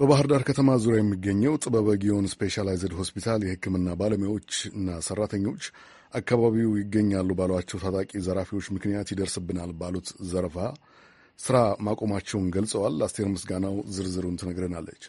በባህር ዳር ከተማ ዙሪያ የሚገኘው ጥበበ ጊዮን ስፔሻላይዝድ ሆስፒታል የሕክምና ና ሰራተኞች አካባቢው ይገኛሉ ባሏቸው ታጣቂ ዘራፊዎች ምክንያት ይደርስብናል ባሉት ዘረፋ ስራ ማቆማቸውን ገልጸዋል። አስቴር ምስጋናው ዝርዝሩን ትነግረናለች።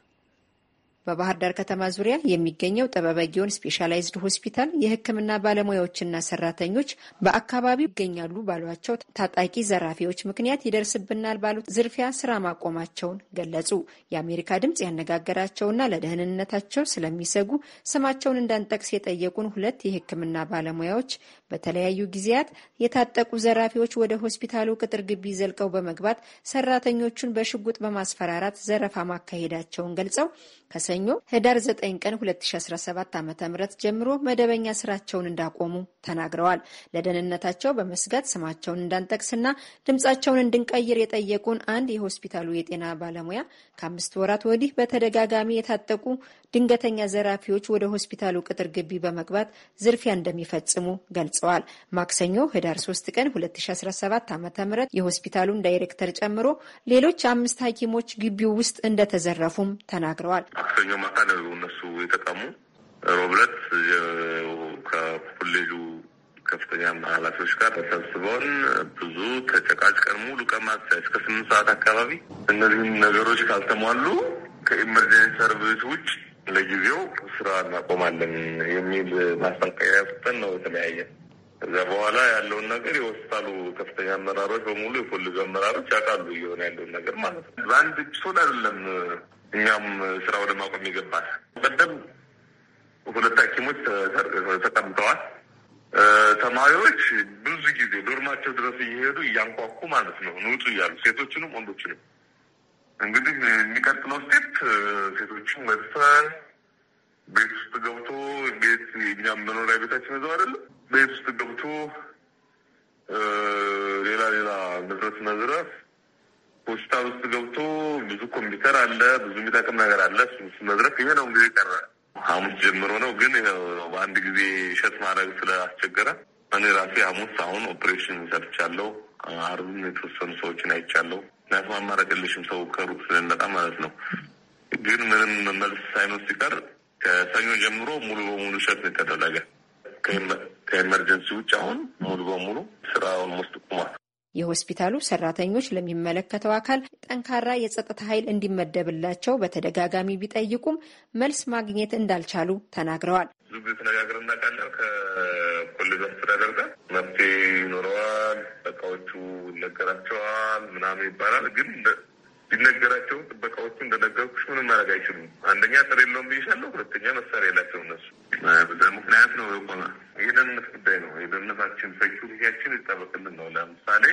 በባህር ዳር ከተማ ዙሪያ የሚገኘው ጥበበጊዮን ስፔሻላይዝድ ሆስፒታል የሕክምና ባለሙያዎችና ሰራተኞች በአካባቢው ይገኛሉ ባሏቸው ታጣቂ ዘራፊዎች ምክንያት ይደርስብናል ባሉት ዝርፊያ ስራ ማቆማቸውን ገለጹ። የአሜሪካ ድምፅ ያነጋገራቸውና ለደህንነታቸው ስለሚሰጉ ስማቸውን እንዳንጠቅስ የጠየቁን ሁለት የሕክምና ባለሙያዎች በተለያዩ ጊዜያት የታጠቁ ዘራፊዎች ወደ ሆስፒታሉ ቅጥር ግቢ ዘልቀው በመግባት ሰራተኞቹን በሽጉጥ በማስፈራራት ዘረፋ ማካሄዳቸውን ገልጸው ሰኞ ህዳር 9 ቀን 2017 ዓ ም ጀምሮ መደበኛ ስራቸውን እንዳቆሙ ተናግረዋል። ለደህንነታቸው በመስጋት ስማቸውን እንዳንጠቅስና ድምፃቸውን እንድንቀይር የጠየቁን አንድ የሆስፒታሉ የጤና ባለሙያ ከአምስት ወራት ወዲህ በተደጋጋሚ የታጠቁ ድንገተኛ ዘራፊዎች ወደ ሆስፒታሉ ቅጥር ግቢ በመግባት ዝርፊያ እንደሚፈጽሙ ገልጸዋል። ማክሰኞ ህዳር 3 ቀን 2017 ዓ ም የሆስፒታሉን ዳይሬክተር ጨምሮ ሌሎች አምስት ሐኪሞች ግቢው ውስጥ እንደተዘረፉም ተናግረዋል። ማክሰኞ ማታ ነው እነሱ የተቀሙ። ሮብለት ዕለት ከኮሌጁ ከፍተኛ ኃላፊዎች ጋር ተሰብስበን ብዙ ተጨቃጭቀን ሙሉ ቀማት እስከ ስምንት ሰዓት አካባቢ እነዚህም ነገሮች ካልተሟሉ ከኢመርጀንሲ ሰርቪስ ውጭ ለጊዜው ስራ እናቆማለን የሚል ማስጠንቀቂያ ሰጥተን ነው የተለያየ። ከዛ በኋላ ያለውን ነገር የወስታሉ ከፍተኛ አመራሮች በሙሉ የኮሌጁ አመራሮች ያውቃሉ እየሆነ ያለውን ነገር ማለት ነው። በአንድ ሶል አይደለም እኛም ስራ ወደ ማቆም ይገባል። ቀደም ሁለት ሐኪሞች ተቀምጠዋል። ተማሪዎች ብዙ ጊዜ ዶርማቸው ድረስ እየሄዱ እያንኳኩ ማለት ነው ንውጡ እያሉ ሴቶችንም ወንዶችንም። እንግዲህ የሚቀጥለው ስቴፕ ሴቶችን መድፈን ቤት ውስጥ ገብቶ ቤት እኛም መኖሪያ ቤታችን ይዘው አይደለም ቤት ውስጥ ገብቶ ሌላ ሌላ ንብረት መዝረፍ ፖስታ ውስጥ ገብቶ ብዙ ኮምፒውተር አለ፣ ብዙ የሚጠቅም ነገር አለ። እሱ መድረክ ይሄ ነው ጊዜ ቀረ ሐሙስ ጀምሮ ነው ግን በአንድ ጊዜ እሸት ማድረግ ስለአስቸገረ እኔ ራሴ ሐሙስ አሁን ኦፕሬሽን ሰርቻለሁ። አርብም የተወሰኑ ሰዎችን አይቻለሁ። ምክንያቱም አማራጭልሽም ሰው ከሩቅ ስለሚመጣ ማለት ነው። ግን ምንም መልስ ሳይኖር ሲቀር ከሰኞ ጀምሮ ሙሉ በሙሉ እሸት ነው የተደረገ ከኤመርጀንሲ ውጭ አሁን ሙሉ በሙሉ ስራውን ውስጥ ቁሟል። የሆስፒታሉ ሰራተኞች ለሚመለከተው አካል ጠንካራ የጸጥታ ኃይል እንዲመደብላቸው በተደጋጋሚ ቢጠይቁም መልስ ማግኘት እንዳልቻሉ ተናግረዋል። ብዙ ጊዜ ተነጋግረን እናውቃለን። ከኮሌጅ አስተዳደር ጋር መፍትሄ ይኖረዋል፣ ጥበቃዎቹ ይነገራቸዋል ምናምን ይባላል። ግን ቢነገራቸው ጥበቃዎቹ እንደነገርኩሽ ምንም ማድረግ አይችሉም። አንደኛ ጥር የለውም ብይሻለሁ፣ ሁለተኛ መሳሪያ የላቸው እነሱ ምክንያት ነው የቆመ የደህንነት ጉዳይ ነው። የደህንነታችን ሴኪሪቲያችን ይጠበቅልን ነው። ለምሳሌ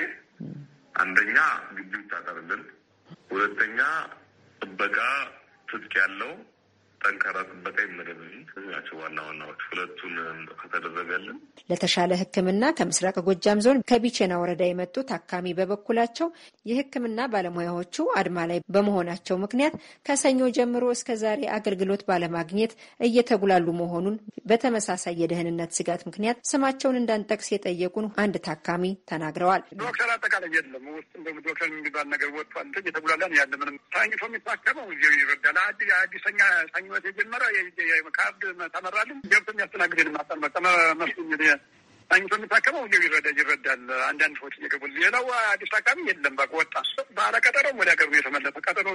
አንደኛ ግቢ ይታጠርልን፣ ሁለተኛ ጥበቃ ትጥቅ ያለው ጠንካራ ጥበቃ ይመደብ። ናቸው ዋና ዋናዎች። ሁለቱን ከተደረገልን ለተሻለ ሕክምና ከምስራቅ ጎጃም ዞን ከቢቼና ወረዳ የመጡ ታካሚ በበኩላቸው የሕክምና ባለሙያዎቹ አድማ ላይ በመሆናቸው ምክንያት ከሰኞ ጀምሮ እስከ ዛሬ አገልግሎት ባለማግኘት እየተጉላሉ መሆኑን በተመሳሳይ የደህንነት ስጋት ምክንያት ስማቸውን እንዳንጠቅስ የጠየቁን አንድ ታካሚ ተናግረዋል። ዶክተር አጠቃላይ የለም ውስጥ እንደውም ዶክተር የሚባል ነገር ወጥቷል። እየተጉላለን ያለ ምንም ታኝቶ የሚታከመው ይረዳል አዲሰኛ ሳኝነት የጀመረ ካርድ ተመራልን ገብቶ የሚያስተናግድ ማስተር መጠመ አግኝቶ የሚታከመው እንዲሁ ይረዳ ይረዳል። አንዳንድ ሰዎች እየገቡ ሌላው አዲስ ታካሚ የለም። በቃ ወጣ ባለ ቀጠሮም ወደ ሀገሩ የተመለሰ ቀጠሮ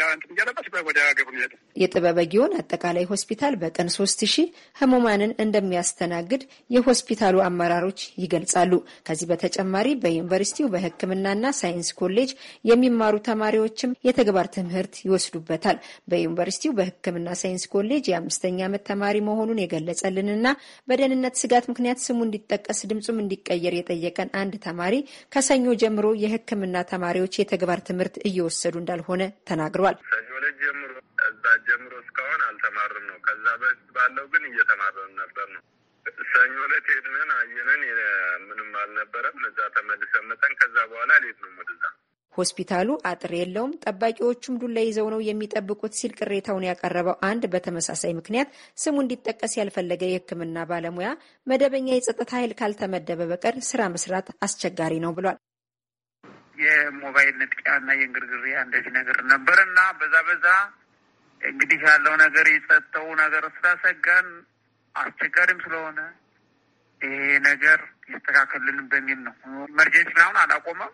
ያንት እያለበት ወደ ሀገሩ ሄደ። የጥበበ ጊዮን አጠቃላይ ሆስፒታል በቀን ሶስት ሺህ ህሙማንን እንደሚያስተናግድ የሆስፒታሉ አመራሮች ይገልጻሉ። ከዚህ በተጨማሪ በዩኒቨርሲቲው በሕክምናና ሳይንስ ኮሌጅ የሚማሩ ተማሪዎችም የተግባር ትምህርት ይወስዱበታል። በዩኒቨርሲቲው በሕክምና ሳይንስ ኮሌጅ የአምስተኛ ዓመት ተማሪ መሆኑን የገለጸልንና በደህንነት ስጋት ምክንያት ስሙ እንዲ እንዲጠቀስ ድምፁም እንዲቀየር የጠየቀን አንድ ተማሪ ከሰኞ ጀምሮ የሕክምና ተማሪዎች የተግባር ትምህርት እየወሰዱ እንዳልሆነ ተናግሯል። ሰኞ ዕለት ጀምሮ እዛ ጀምሮ እስካሁን አልተማርም ነው። ከዛ በፊት ባለው ግን እየተማርን ነበር ነው። ሰኞ ዕለት ሄድነን አየነን፣ ምንም አልነበረም። እዛ ተመልሰን መጠን ከዛ በኋላ ነው ወደዛ ሆስፒታሉ አጥር የለውም፣ ጠባቂዎቹም ዱላ ይዘው ነው የሚጠብቁት ሲል ቅሬታውን ያቀረበው አንድ በተመሳሳይ ምክንያት ስሙ እንዲጠቀስ ያልፈለገ የሕክምና ባለሙያ መደበኛ የጸጥታ ኃይል ካልተመደበ በቀር ስራ መስራት አስቸጋሪ ነው ብሏል። የሞባይል ንጥቂያ እና የእንግርግሪያ እንደዚህ ነገር ነበር እና በዛ በዛ እንግዲህ ያለው ነገር የጸጥታው ነገር ስላሰጋን አስቸጋሪም ስለሆነ ይሄ ነገር ይስተካከልልን በሚል ነው። ኢመርጀንሲ ምናምን አላቆመም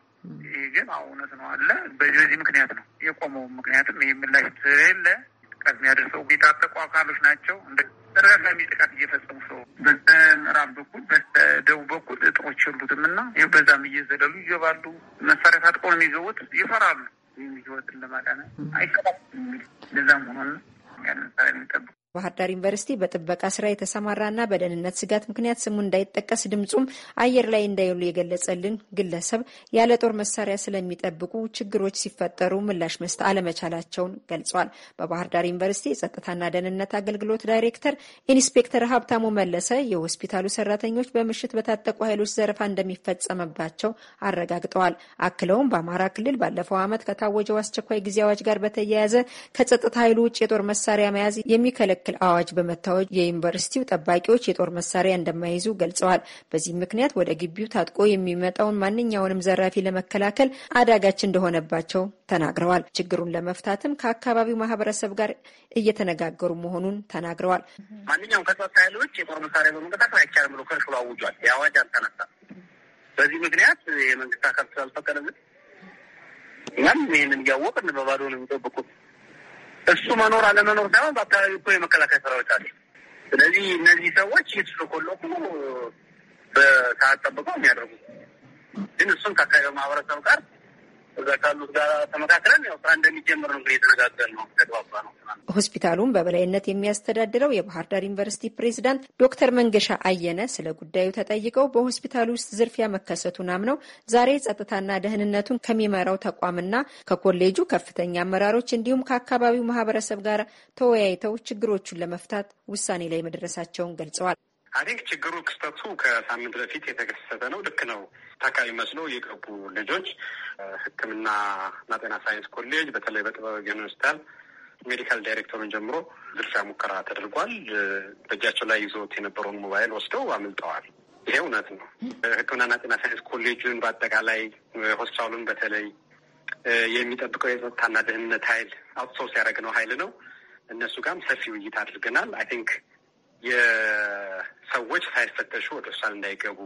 ይሄ ግን እውነት ነው አለ። በዚህ ምክንያት ነው የቆመው። ምክንያትም ይህ ምላሽ ስለሌለ ጥቃት የሚያደርሰው የታጠቁ አካሎች ናቸው። እንደ ተደጋጋሚ ጥቃት እየፈጸሙ ሰው በምዕራብ በኩል በደቡብ በኩል እጥሮች የሉትም እና ይህ በዛም እየዘለሉ ይገባሉ። መሳሪያ ታጥቆ ነው የሚገቡት። ይፈራሉ። ይህም ህይወትን ለማዳነ አይከባል የሚል ለዛም ሆኖ ባህር ዳር ዩኒቨርሲቲ በጥበቃ ስራ የተሰማራና በደህንነት ስጋት ምክንያት ስሙ እንዳይጠቀስ ድምፁም አየር ላይ እንዳይውል የገለጸልን ግለሰብ ያለ ጦር መሳሪያ ስለሚጠብቁ ችግሮች ሲፈጠሩ ምላሽ መስጠት አለመቻላቸውን ገልጿል። በባህር ዳር ዩኒቨርሲቲ የጸጥታና ደህንነት አገልግሎት ዳይሬክተር ኢንስፔክተር ሀብታሙ መለሰ የሆስፒታሉ ሰራተኞች በምሽት በታጠቁ ኃይሎች ዘረፋ እንደሚፈጸምባቸው አረጋግጠዋል። አክለውም በአማራ ክልል ባለፈው ዓመት ከታወጀው አስቸኳይ ጊዜ አዋጅ ጋር በተያያዘ ከጸጥታ ኃይሉ ውጭ የጦር መሳሪያ መያዝ የሚከለክል የሚከለክል አዋጅ በመታወጅ የዩኒቨርሲቲው ጠባቂዎች የጦር መሳሪያ እንደማይዙ ገልጸዋል። በዚህም ምክንያት ወደ ግቢው ታጥቆ የሚመጣውን ማንኛውንም ዘራፊ ለመከላከል አዳጋች እንደሆነባቸው ተናግረዋል። ችግሩን ለመፍታትም ከአካባቢው ማህበረሰብ ጋር እየተነጋገሩ መሆኑን ተናግረዋል። ማንኛውም ከጸጥታ ኃይሎች የጦር መሳሪያ በመንቀሳቀስ አይቻልም ብሎ ከሽሎ አውጇል። የአዋጅ አልተነሳም። በዚህ ምክንያት የመንግስት አካል ስላልፈቀደልን እኛም ይህንን እያወቅን በባዶ ነው የሚጠብቁት እሱ መኖር አለመኖር ሳይሆን በአካባቢ እኮ የመከላከያ ሰራዊት አለ። ስለዚህ እነዚህ ሰዎች የተሽለኮለኩ በሰዓት ጠብቀው የሚያደርጉት ግን እሱን ከአካባቢው ማህበረሰብ ጋር እዛ ካሉት ጋር ተመካክረን ያው ስራ እንደሚጀምር ነው የተነጋገር ነው ተግባባ ነው። ሆስፒታሉን በበላይነት የሚያስተዳድረው የባህር ዳር ዩኒቨርሲቲ ፕሬዚዳንት ዶክተር መንገሻ አየነ ስለ ጉዳዩ ተጠይቀው በሆስፒታሉ ውስጥ ዝርፊያ መከሰቱን አምነው ዛሬ ጸጥታና ደህንነቱን ከሚመራው ተቋምና ከኮሌጁ ከፍተኛ አመራሮች እንዲሁም ከአካባቢው ማህበረሰብ ጋር ተወያይተው ችግሮቹን ለመፍታት ውሳኔ ላይ መድረሳቸውን ገልጸዋል። አይ ቲንክ ችግሩ ክስተቱ ከሳምንት በፊት የተከሰተ ነው። ልክ ነው። ታካሚ መስሎ የገቡ ልጆች እና ጤና ሳይንስ ኮሌጅ በተለይ በጥበብ ሆስፒታል ሜዲካል ዳይሬክተሩን ጀምሮ ዝርፊያ ሙከራ ተደርጓል። በእጃቸው ላይ ይዞት የነበረውን ሞባይል ወስደው አምልጠዋል። ይሄ እውነት ነው። ሕክምናና ጤና ሳይንስ ኮሌጁን በአጠቃላይ ሆስፒታሉን በተለይ የሚጠብቀው የጸጥታና ደህንነት ኃይል አውትሶርስ ያደረግነው ኃይል ነው። እነሱ ጋርም ሰፊ ውይይት አድርገናል። አይ ቲንክ የሰዎች ሳይፈተሹ ወደ ሆስፒታል እንዳይገቡ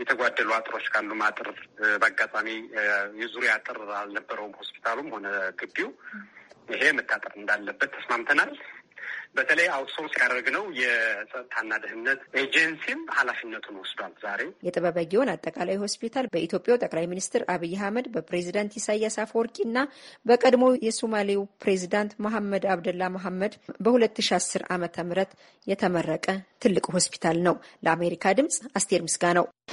የተጓደሉ አጥሮች ካሉ ማጥር በአጋጣሚ የዙሪያ አጥር አልነበረውም ሆስፒታሉም ሆነ ግቢው። ይሄ መታጠር እንዳለበት ተስማምተናል። በተለይ አውትሶርስ ያደረግነው የጸጥታና ደህንነት ኤጀንሲም ኃላፊነቱን ወስዷል። ዛሬ የጥበበጊዮን አጠቃላይ ሆስፒታል በኢትዮጵያው ጠቅላይ ሚኒስትር አብይ አህመድ በፕሬዚዳንት ኢሳያስ አፈወርቂ እና በቀድሞ የሶማሌው ፕሬዚዳንት መሐመድ አብደላ መሐመድ በ2010 ዓ ም የተመረቀ ትልቅ ሆስፒታል ነው። ለአሜሪካ ድምጽ አስቴር ምስጋ ነው።